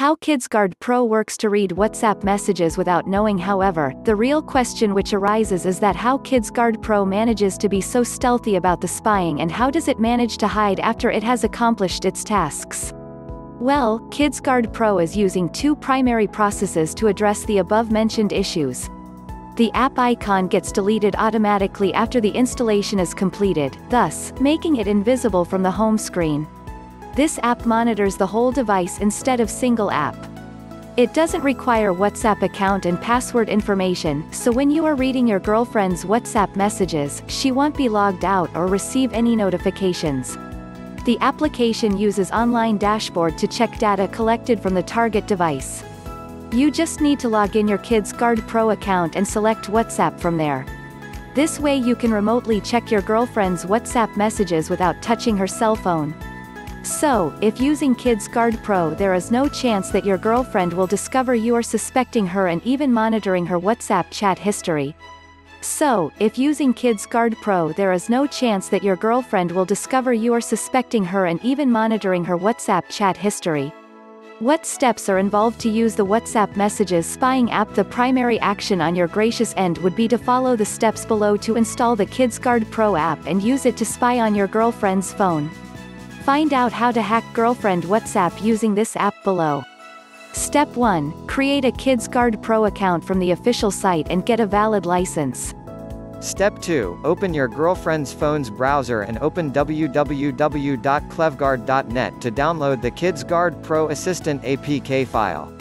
How KidsGuard Pro works to read WhatsApp messages without knowing however, the real question which arises is that how KidsGuard Pro manages to be so stealthy about the spying and how does it manage to hide after it has accomplished its tasks. Well, KidsGuard Pro is using two primary processes to address the above-mentioned issues, the app icon gets deleted automatically after the installation is completed, thus, making it invisible from the home screen. This app monitors the whole device instead of single app. It doesn't require WhatsApp account and password information, so when you are reading your girlfriend's WhatsApp messages, she won't be logged out or receive any notifications. The application uses online dashboard to check data collected from the target device. You just need to log in your kid's Guard Pro account and select WhatsApp from there. This way you can remotely check your girlfriend's WhatsApp messages without touching her cell phone. So, if using KidsGuard Pro there is no chance that your girlfriend will discover you are suspecting her and even monitoring her WhatsApp chat history. So, if using KidsGuard Pro there is no chance that your girlfriend will discover you are suspecting her and even monitoring her WhatsApp chat history. What steps are involved to use the WhatsApp Messages spying app? The primary action on your gracious end would be to follow the steps below to install the KidsGuard Pro app and use it to spy on your girlfriend's phone. Find out how to hack Girlfriend WhatsApp using this app below. Step 1. Create a KidsGuard Pro account from the official site and get a valid license. Step 2. Open your girlfriend's phone's browser and open www.clevguard.net to download the KidsGuard Pro Assistant APK file.